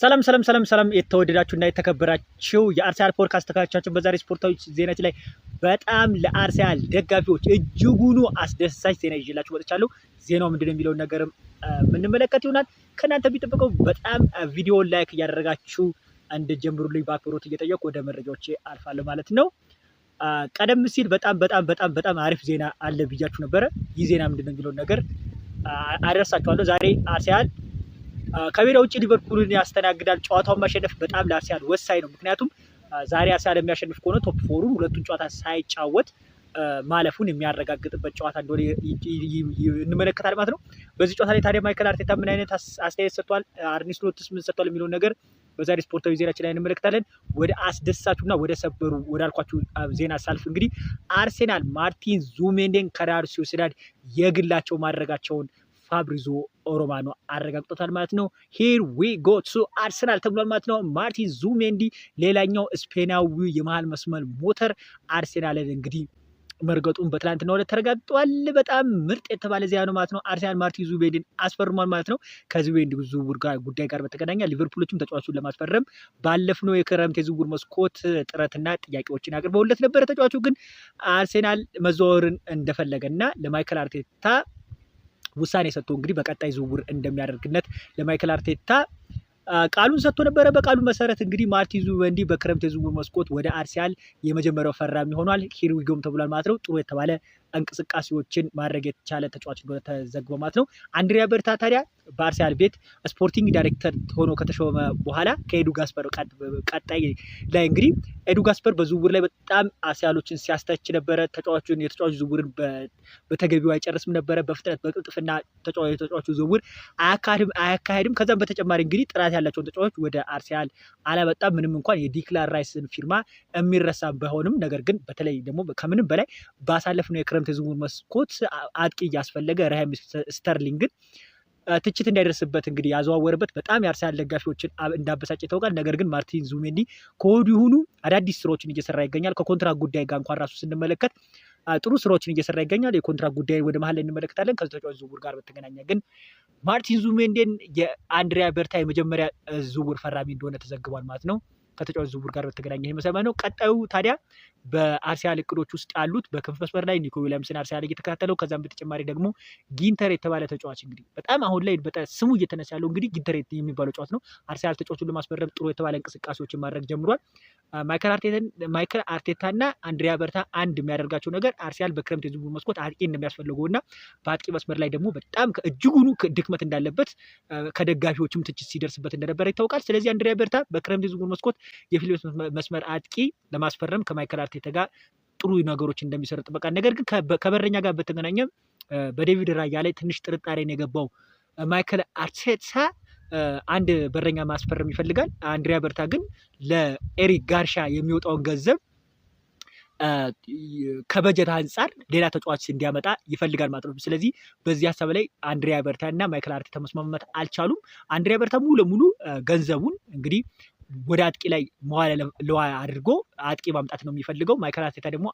ሰላም ሰላም ሰላም ሰላም የተወደዳችሁ እና የተከበራችሁ የአርሰናል ፖድካስት ተከታታዮቻችን፣ በዛሬ ስፖርታዊ ዜናችን ላይ በጣም ለአርሰናል ደጋፊዎች እጅጉኑ አስደሳች ዜና ይዤላችሁ መጥቻለሁ። ዜናው ምንድነው የሚለውን ነገርም የምንመለከት ይሆናል። ከእናንተ የሚጠበቀው በጣም ቪዲዮ ላይክ እያደረጋችሁ እንድትጀምሩልኝ በአክብሮት እየጠየቁ ወደ መረጃዎቼ አልፋለሁ ማለት ነው። ቀደም ሲል በጣም በጣም በጣም በጣም አሪፍ ዜና አለ ብያችሁ ነበረ። ይህ ዜና የሚለውን ነገር አደርሳችኋለሁ። ዛሬ አርሰናል ከሜዳ ውጭ ሊቨርፑልን ያስተናግዳል። ጨዋታውን ማሸነፍ በጣም ለአርሰናል ወሳኝ ነው። ምክንያቱም ዛሬ አርሰናል የሚያሸንፍ ከሆነ ቶፕ ፎሩን ሁለቱን ጨዋታ ሳይጫወት ማለፉን የሚያረጋግጥበት ጨዋታ እንደሆነ እንመለከታል ማለት ነው። በዚህ ጨዋታ ላይ ታዲያ ማይከል አርቴታ ምን አይነት አስተያየት ሰጥቷል፣ አርኔ ስሎትስ ምን ሰጥቷል የሚለውን ነገር በዛሬ ስፖርታዊ ዜናችን ላይ እንመለከታለን። ወደ አስደሳቹና ወደ ሰበሩ ወዳልኳችሁ ዜና ሳልፍ እንግዲህ አርሴናል ማርቲን ዙሜንዴን ከሪያል ሶሲዳድ የግላቸው ማድረጋቸውን ፋብሪዞ ኦሮማኖ አረጋግጦታል ማለት ነው። ሂር ዊ ጎ ቱ አርሰናል ተብሏል ማለት ነው። ማርቲን ዙሜንዲ ሌላኛው ስፔናዊ የመሃል መስመር ሞተር አርሴናልን እንግዲህ መርገጡን በትላንትና ዕለት ተረጋግጧል። በጣም ምርጥ የተባለ ዚያ ነው ማለት ነው። አርሰናል ማርቲን ዙቤንዲን አስፈርሟል ማለት ነው። ከዙቤንዲ ዝውውር ጋር ጉዳይ ጋር በተገናኘ ሊቨርፑሎችም ተጫዋቹን ለማስፈረም ባለፍነው የክረምት የዝውውር መስኮት ጥረትና ጥያቄዎችን አቅርበውለት ነበረ። ተጫዋቹ ግን አርሴናል መዘዋወርን እንደፈለገና ለማይከል አርቴታ ውሳኔ ሰጥቶ እንግዲህ በቀጣይ ዝውውር እንደሚያደርግነት ለማይክል አርቴታ ቃሉን ሰጥቶ ነበረ። በቃሉ መሰረት እንግዲህ ማርቲን ዙቢመንዲ በክረምት የዝውውር መስኮት ወደ አርሲያል የመጀመሪያው ፈራሚ ሆኗል። ሂርዊጎም ተብሏል ማለት ነው። ጥሩ የተባለ እንቅስቃሴዎችን ማድረግ የተቻለ ተጫዋች እንደሆነ ተዘግቦ ማለት ነው። አንድሪያ በርታ ታዲያ በአርሰናል ቤት ስፖርቲንግ ዳይሬክተር ሆኖ ከተሾመ በኋላ ከኤዱ ጋስፐር ቀጣይ ላይ እንግዲህ ኤዱ ጋስፐር በዝውውር ላይ በጣም አርሰናሎችን ሲያስተች ነበረ። ተጫዋቹን የተጫዋቹ ዝውውርን በተገቢው አይጨርስም ነበረ። በፍጥነት በቅልጥፍና የተጫዋቹ ዝውውር አያካሄድም። ከዛም በተጨማሪ እንግዲህ ጥራት ያላቸውን ተጫዋች ወደ አርሰናል አላመጣም። ምንም እንኳን የዲክላን ራይስን ፊርማ የሚረሳ ባይሆንም ነገር ግን በተለይ ደግሞ ከምንም በላይ ባሳለፍ ባሳለፍነው በክረምት የዝውውር መስኮት አጥቂ እያስፈለገ ራሂም ስተርሊንግን ትችት እንዳይደርስበት እንግዲህ ያዘዋወረበት በጣም የአርሰናል ደጋፊዎችን እንዳበሳጭ ይታወቃል። ነገር ግን ማርቲን ዙሜንዲ ከወዲሁኑ አዳዲስ ስራዎችን እየሰራ ይገኛል። ከኮንትራት ጉዳይ ጋር እንኳን ራሱ ስንመለከት ጥሩ ስራዎችን እየሰራ ይገኛል። የኮንትራት ጉዳይ ወደ መሀል ላይ እንመለከታለን። ከዚህ ተጫዋች ዝውውር ጋር በተገናኘ ግን ማርቲን ዙሜንዴን የአንድሪያ በርታ የመጀመሪያ ዝውውር ፈራሚ እንደሆነ ተዘግቧል ማለት ነው። ከተጫዋች ዝውውር ጋር በተገናኘ መሰማ ነው። ቀጣዩ ታዲያ በአርሰናል እቅዶች ውስጥ ያሉት በክንፍ መስመር ላይ ኒኮ ዊሊያምስን አርሰናል እየተከታተለው ከዛም በተጨማሪ ደግሞ ጊንተር የተባለ ተጫዋች እንግዲህ በጣም አሁን ላይ ስሙ እየተነሳ ያለው እንግዲህ ጊንተር የሚባለው ተጫዋች ነው። አርሲያል ተጫዋቹን ለማስመረብ ጥሩ የተባለ እንቅስቃሴዎችን ማድረግ ጀምሯል። ማይክል አርቴታ እና አንድሪያ በርታ አንድ የሚያደርጋቸው ነገር አርሲያል በክረምት የዝውውር መስኮት አጥቂ እንደሚያስፈልገው እና በአጥቂ መስመር ላይ ደግሞ በጣም እጅጉኑ ድክመት እንዳለበት ከደጋፊዎችም ትችት ሲደርስበት እንደነበረ ይታወቃል። ስለዚህ አንድሪያ በርታ በክረምት የዝውውር መስኮት የፊት መስመር አጥቂ ለማስፈረም ከማይከል አርቴታ ጋር ጥሩ ነገሮች እንደሚሰሩ ጥበቃል። ነገር ግን ከበረኛ ጋር በተገናኘ በዴቪድ ራያ ላይ ትንሽ ጥርጣሬን የገባው ማይከል አርቴታ አንድ በረኛ ማስፈረም ይፈልጋል። አንድሪያ በርታ ግን ለኤሪክ ጋርሻ የሚወጣውን ገንዘብ ከበጀት አንጻር ሌላ ተጫዋች እንዲያመጣ ይፈልጋል ማለት ነው። ስለዚህ በዚህ ሀሳብ ላይ አንድሪያ በርታ እና ማይክል አርቴታ መስማማት አልቻሉም። አንድሪያ በርታ ሙሉ ለሙሉ ገንዘቡን እንግዲህ ወደ አጥቂ ላይ መዋለ ለዋ አድርጎ አጥቂ ማምጣት ነው የሚፈልገው። ማይከል አርቴታ ደግሞ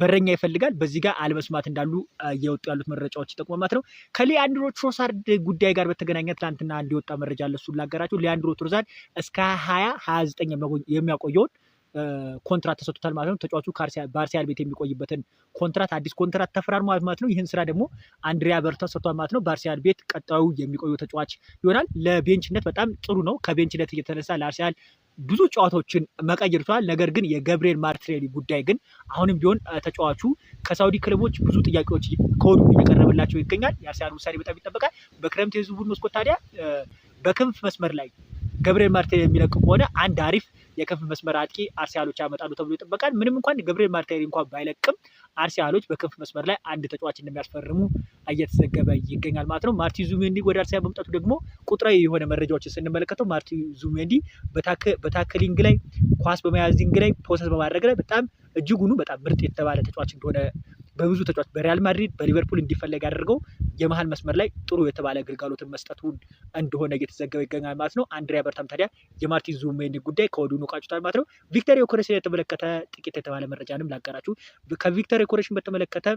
በረኛ ይፈልጋል። በዚህ ጋር አለመስማት እንዳሉ እየወጡ ያሉት መረጃዎች ይጠቁማማት ነው። ከሊያንድሮ ትሮሳርድ ጉዳይ ጋር በተገናኘ ትናንትና እንዲወጣ መረጃ ለሱ ላገራቸው ሊያንድሮ ትሮሳርድ እስከ ሀያ ሀያ ዘጠኝ የሚያቆየውን ኮንትራት ተሰጥቶታል ማለት ነው። ተጫዋቹ በአርሰናል ቤት የሚቆይበትን ኮንትራት አዲስ ኮንትራት ተፈራርሟል ማለት ነው። ይህን ስራ ደግሞ አንድሪያ በርታ ተሰጥቷል ማለት ነው። በአርሰናል ቤት ቀጣዩ የሚቆዩ ተጫዋች ይሆናል። ለቤንችነት በጣም ጥሩ ነው። ከቤንችነት እየተነሳ ለአርሰናል ብዙ ጨዋታዎችን መቀየር ችሏል። ነገር ግን የገብርኤል ማርትሬሊ ጉዳይ ግን አሁንም ቢሆን ተጫዋቹ ከሳውዲ ክለቦች ብዙ ጥያቄዎች ከወዲሁ እየቀረበላቸው ይገኛል። የአርሰናል ውሳኔ በጣም ይጠበቃል። በክረምት የዝውውር መስኮት ታዲያ በክንፍ መስመር ላይ ገብርኤል ማርትሬሊ የሚለቅ ከሆነ አንድ አሪፍ የክንፍ መስመር አጥቂ አርሰናሎች ያመጣሉ ተብሎ ይጠበቃል። ምንም እንኳን ገብርኤል ማርቲኔሊ እንኳን ባይለቅም አርሰናሎች በክንፍ መስመር ላይ አንድ ተጫዋች እንደሚያስፈርሙ እየተዘገበ ይገኛል ማለት ነው። ማርቲን ዙሜንዲ ወደ አርሰናል መምጣቱ ደግሞ ቁጥራዊ የሆነ መረጃዎችን ስንመለከተው ማርቲን ዙሜንዲ በታክሊንግ ላይ ኳስ በመያዝ ላይ ፕሮሰስ በማድረግ ላይ በጣም እጅጉኑ በጣም ምርጥ የተባለ ተጫዋች እንደሆነ በብዙ ተጫዋች በሪያል ማድሪድ በሊቨርፑል እንዲፈለግ ያደርገው የመሀል መስመር ላይ ጥሩ የተባለ አገልጋሎትን መስጠቱ እንደሆነ እየተዘገበ ይገኛል ማለት ነው። አንድሪያ በርታም ታዲያ የማርቲን ዙሜንዲ ጉዳይ ከወዲሁ ቃጭቷል ማለት ነው። ቪክተር ዮከረስን የተመለከተ ጥቂት የተባለ መረጃንም ላጋራችሁ። ከቪክተር ዮከረስን በተመለከተ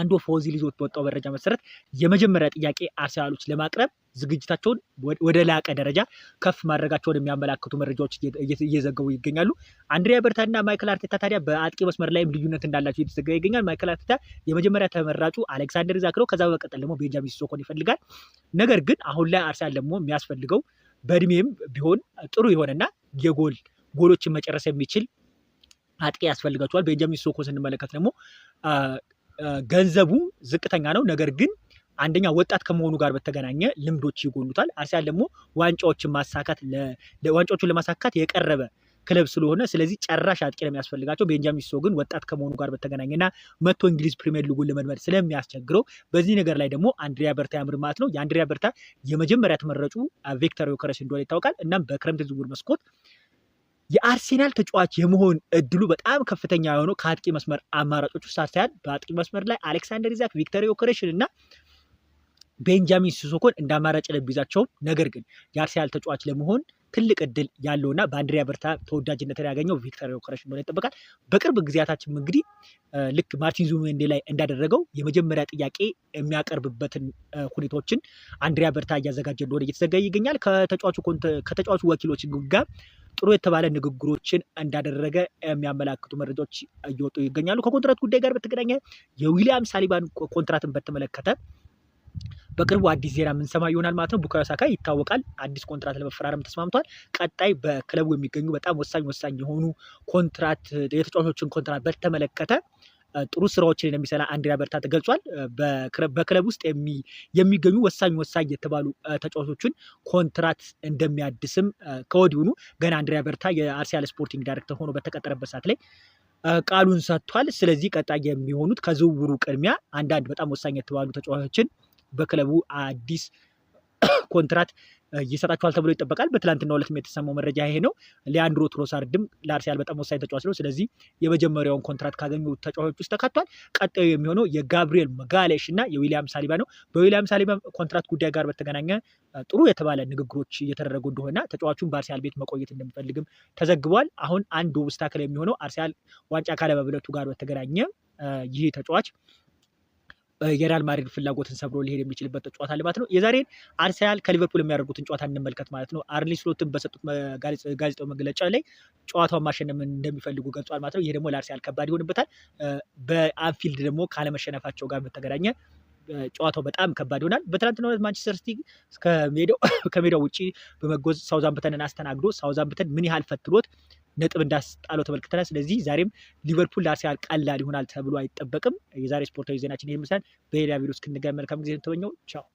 አንዱ ፎዚ ልጆት በወጣው መረጃ መሰረት የመጀመሪያ ጥያቄ አርሰናሎች ለማቅረብ ዝግጅታቸውን ወደ ላቀ ደረጃ ከፍ ማድረጋቸውን የሚያመላክቱ መረጃዎች እየዘገቡ ይገኛሉ። አንድሪያ በርታና ማይክል አርቴታ ታዲያ በአጥቂ መስመር ላይም ልዩነት እንዳላቸው እየተዘገበ ይገኛል። ማይክል አርቴታ የመጀመሪያ ተመራጩ አሌክሳንደር ኢሳክ ነው። ከዛ በመቀጠል ደግሞ ቤንጃሚን ሲሶኮን ይፈልጋል። ነገር ግን አሁን ላይ አርሰናል ደግሞ የሚያስፈልገው በእድሜም ቢሆን ጥሩ የሆነና የጎል ጎሎችን መጨረስ የሚችል አጥቂ ያስፈልጋቸዋል። ቤንጃሚን ሲስኮን ስንመለከት ደግሞ ገንዘቡ ዝቅተኛ ነው። ነገር ግን አንደኛ ወጣት ከመሆኑ ጋር በተገናኘ ልምዶች ይጎሉታል። አርሰናል ደግሞ ዋንጫዎችን ማሳካት ዋንጫዎቹን ለማሳካት የቀረበ ክለብ ስለሆነ ስለዚህ ጨራሽ አጥቂ ለሚያስፈልጋቸው ቤንጃሚን ሲሶ ግን ወጣት ከመሆኑ ጋር በተገናኘና መቶ እንግሊዝ ፕሪሚየር ሊጉን ለመድመድ ስለሚያስቸግረው በዚህ ነገር ላይ ደግሞ አንድሪያ በርታ ያምር ማለት ነው። የአንድሪያ በርታ የመጀመሪያ ተመረጩ ቪክተር ዮከረስ እንደሆነ ይታወቃል። እናም በክረምት ዝውውር መስኮት የአርሴናል ተጫዋች የመሆን እድሉ በጣም ከፍተኛ የሆኑ ከአጥቂ መስመር አማራጮች ውስጥ አርሰናል በአጥቂ መስመር ላይ አሌክሳንደር ኢዛክ፣ ቪክተር ዮከረስን እና ቤንጃሚን ሲሶኮን እንደ አማራጭ ለቢዛቸውም ነገር ግን የአርሴናል ተጫዋች ለመሆን ትልቅ እድል ያለው እና በአንድሪያ በርታ ተወዳጅነትን ያገኘው ቪክተር ዮከረስ እንደሆነ ይጠበቃል። በቅርብ ጊዜያታችን እንግዲህ ልክ ማርቲን ዙቢሜንዲ ላይ እንዳደረገው የመጀመሪያ ጥያቄ የሚያቀርብበትን ሁኔታዎችን አንድሪያ በርታ እያዘጋጀ እንደሆነ እየተዘገየ ይገኛል። ከተጫዋቹ ወኪሎች ጋር ጥሩ የተባለ ንግግሮችን እንዳደረገ የሚያመላክቱ መረጃዎች እየወጡ ይገኛሉ። ከኮንትራት ጉዳይ ጋር በተገናኘ የዊሊያም ሳሊባን ኮንትራትን በተመለከተ በቅርቡ አዲስ ዜና የምንሰማ ይሆናል ማለት ነው። ቡካዮ ሳካ ይታወቃል፣ አዲስ ኮንትራት ለመፈራረም ተስማምቷል። ቀጣይ በክለቡ የሚገኙ በጣም ወሳኝ ወሳኝ የሆኑ ኮንትራት የተጫዋቾችን ኮንትራት በተመለከተ ጥሩ ስራዎችን እንደሚሰራ አንድሪያ በርታ ተገልጿል። በክለብ ውስጥ የሚገኙ ወሳኝ ወሳኝ የተባሉ ተጫዋቾችን ኮንትራት እንደሚያድስም ከወዲሁኑ ገና አንድሪያ በርታ የአርሰናል ስፖርቲንግ ዳይሬክተር ሆኖ በተቀጠረበት ሰዓት ላይ ቃሉን ሰጥቷል። ስለዚህ ቀጣይ የሚሆኑት ከዝውውሩ ቅድሚያ አንዳንድ በጣም ወሳኝ የተባሉ ተጫዋቾችን በክለቡ አዲስ ኮንትራት ይሰጣቸዋል ተብሎ ይጠበቃል። በትላንትና ዕለት የተሰማው መረጃ ይሄ ነው። ሊያንድሮ ትሮሳርድም ለአርሲያል በጣም ወሳኝ ተጫዋች ነው። ስለዚህ የመጀመሪያውን ኮንትራት ካገኙ ተጫዋቾች ውስጥ ተካቷል። ቀጣዩ የሚሆነው የጋብሪኤል መጋሌሽ እና የዊሊያም ሳሊባ ነው። በዊሊያም ሳሊባ ኮንትራት ጉዳይ ጋር በተገናኘ ጥሩ የተባለ ንግግሮች እየተደረጉ እንደሆነ ተጫዋቹን በአርሲያል ቤት መቆየት እንደሚፈልግም ተዘግቧል። አሁን አንዱ ኦብስታክል የሚሆነው አርሲያል ዋንጫ ካለመብለቱ ጋር በተገናኘ ይህ ተጫዋች የሪያል ማድሪድ ፍላጎትን ሰብሮ ሊሄድ የሚችልበት ጨዋታ ልማት ነው። የዛሬን አርሰናል ከሊቨርፑል የሚያደርጉትን ጨዋታ እንመልከት ማለት ነው። አርኔ ስሎትን በሰጡት ጋዜጣዊ መግለጫ ላይ ጨዋታውን ማሸነፍ እንደሚፈልጉ ገልጿል ማለት ነው። ይህ ደግሞ ለአርሰናል ከባድ ይሆንበታል። በአንፊልድ ደግሞ ካለመሸነፋቸው ጋር በተገናኘ ጨዋታው በጣም ከባድ ይሆናል። በትናንትናው ዕለት ማንቸስተር ሲቲ ከሜዳው ውጭ በመጎዝ ሳውዛምፕተንን አስተናግዶ ሳውዛምፕተን ምን ያህል ፈትሎት? ነጥብ እንዳስጣለው ተመልክተናል። ስለዚህ ዛሬም ሊቨርፑል ለአርሰናል ቀላል ይሆናል ተብሎ አይጠበቅም። የዛሬ ስፖርታዊ ዜናችን ይህ ይመስላል። በሌላ ቪዲዮ እስክንገናኝ መልካም ጊዜ ተመኘው። ቻው